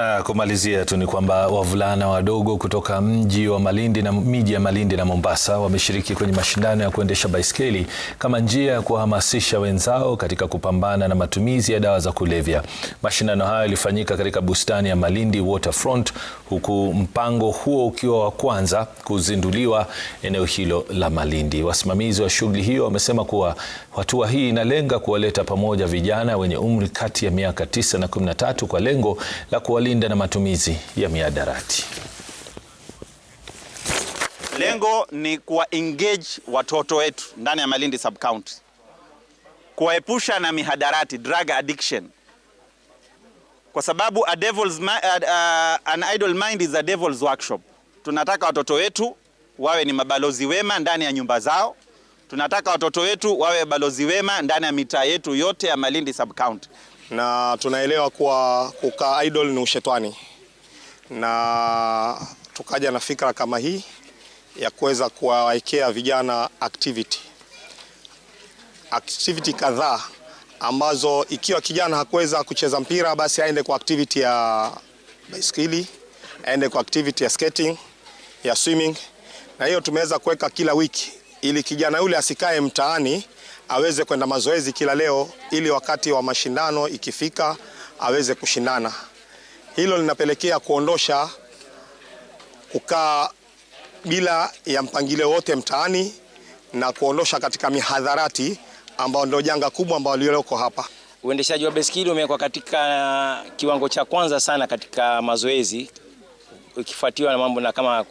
Uh, kumalizia tu ni kwamba wavulana wadogo kutoka mji wa Malindi na miji ya Malindi na Mombasa wameshiriki kwenye mashindano ya kuendesha baiskeli kama njia ya kuwahamasisha wenzao katika kupambana na matumizi ya dawa za kulevya. Mashindano hayo yalifanyika katika bustani ya Malindi Waterfront, huku mpango huo ukiwa wa kwanza kuzinduliwa eneo hilo la Malindi. Wasimamizi wa shughuli hiyo wamesema kuwa hatua hii inalenga kuwaleta pamoja vijana wenye umri kati ya miaka 9 na 13 kwa lengo la kuwa kulinda na matumizi ya miadarati. Lengo ni kuwa engage watoto wetu ndani ya Malindi sub county, kuwaepusha na mihadarati, drug addiction, kwa sababu a devil's, uh, an idle mind is a devil's workshop. Tunataka watoto wetu wawe ni mabalozi wema ndani ya nyumba zao. Tunataka watoto wetu wawe balozi wema ndani ya mitaa yetu yote ya Malindi sub county na tunaelewa kuwa kukaa idol ni ushetani, na tukaja na fikra kama hii ya kuweza kuwawekea vijana activity activity kadhaa ambazo ikiwa kijana hakuweza kucheza mpira basi aende kwa activity ya baiskeli, aende kwa activity ya skating, ya swimming, na hiyo tumeweza kuweka kila wiki ili kijana yule asikae mtaani aweze kwenda mazoezi kila leo, ili wakati wa mashindano ikifika aweze kushindana. Hilo linapelekea kuondosha kukaa bila ya mpangilio wote mtaani na kuondosha katika mihadharati, ambao ndio janga kubwa ambao lioko hapa. Uendeshaji wa baiskeli umewekwa katika kiwango cha kwanza sana katika mazoezi, ikifuatiwa na mambo na kama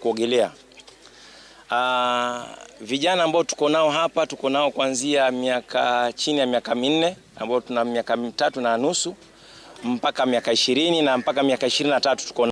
kuogelea. Uh, vijana ambao tuko nao hapa tuko nao kuanzia miaka chini ya miaka minne ambao tuna miaka mitatu na nusu mpaka miaka ishirini na mpaka miaka ishirini na tatu tuko nao.